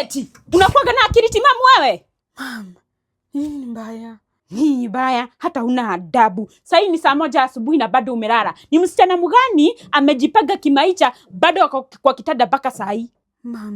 eti unakuwaga na akili timamu wewe? Mama, ni mbaya hii mbaya, hata una adabu. Saa hii ni saa moja asubuhi na bado umelala. Ni msichana mgani amejipaga kimaicha bado kwa, kwa kitada mpaka saa hii?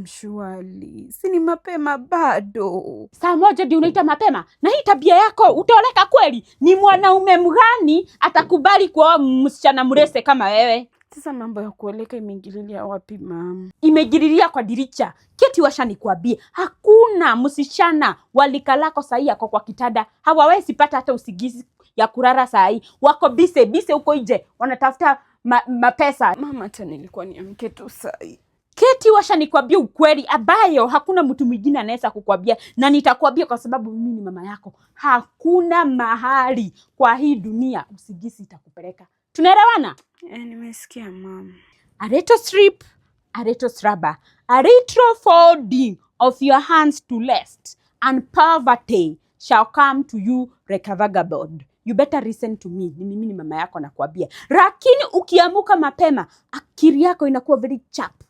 shwali, si ni mapema bado? Saa moja ndio unaita mapema? Na hii tabia yako utaoleka kweli? Ni mwanaume mgani atakubali kuoa msichana mrese kama wewe? Sasa mambo ya kueleka imeingililia wapi mama? Imejiriria kwa diricha. Keti washa nikwambie, hakuna msichana walikalako sahii yako kwa kitada, hawawezi pata hata usigizi ya kurara sahii, wako bise bise huko nje wanatafuta ma, mapesa. Mama hata nilikuwa niamke tu sahii. Keti washa nikwambie ukweli ambayo hakuna mtu mwingine anaweza kukwambia, na nitakwambia kwa sababu mimi ni mama yako. Hakuna mahali kwa hii dunia usigizi itakupeleka, tunaelewana? Eh, nimesikia mama. Aretostrip, aretosraba, folding of your hands to lest and poverty shall come to you like a You better listen to me. Ni mimi ni mama yako nakwambia. Lakini ukiamuka mapema, akili yako inakuwa very sharp.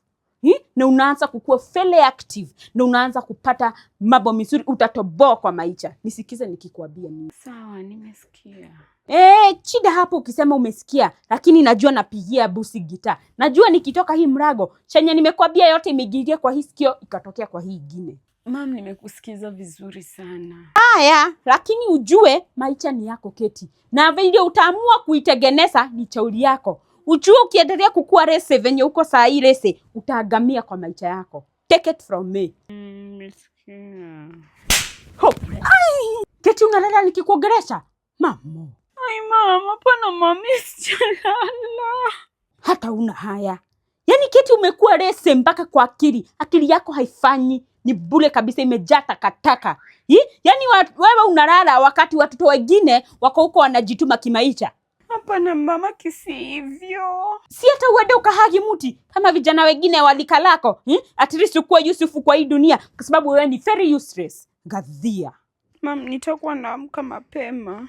Hi? Na unaanza kukua fairly active na unaanza kupata mambo mizuri, utatoboa kwa maisha. Nisikize nikikwambia mimi. Sawa, nimesikia. Eh, chida hapo ukisema umesikia, lakini najua napigia busi gita. Najua nikitoka hii mrago chenye nimekwambia yote imegiria kwa hii sikio ikatokea kwa hii ingine. Mam, nimekusikiza vizuri sana. Haya, lakini ujue maisha ni yako Keti, na vile utaamua kuitegeneza ni chauri yako. Ujue ukiendelea kukua rese venye uko saa hii rese, utaagamia kwa maisha yako. Take it from me. Mm, Keti, unalala nikikuongelesha Mamu. Ay, mama, pana mami, sijalala hata una haya. Yaani kiti umekuwa rese mpaka kwa akili, akili yako haifanyi, ni bure kabisa, imejaa takataka. Yaani wewe unalala wakati watoto wengine wako huko wanajituma kimaisha. Hapana mama, kisi hivyo. Si hata uende ukahagi mti kama vijana wengine walikalako. At least ukuwa Yusufu kwa hii dunia, kwa sababu wewe ni very useless. Gadhia. Mam, nitakuwa naamka mapema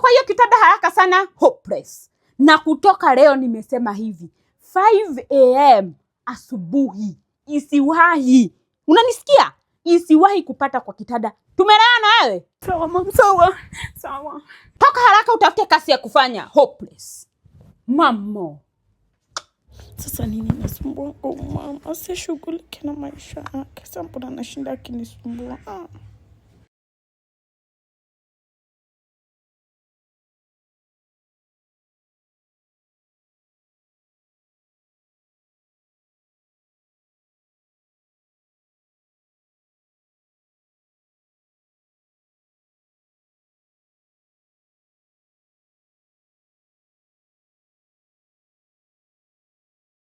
kwa hiyo kitada haraka sana hopeless. Na kutoka leo nimesema hivi 5 am asubuhi isiwahi, unanisikia? Isiwahi kupata kwa kitada. Tumelewana wewe? Sawa sawa sawa. Toka haraka utafute kasi ya kufanya hopeless. Mamo, sasa nini nasumbua? Oh, mama asishughulike na maisha yake, sasa nashinda anashinda ah.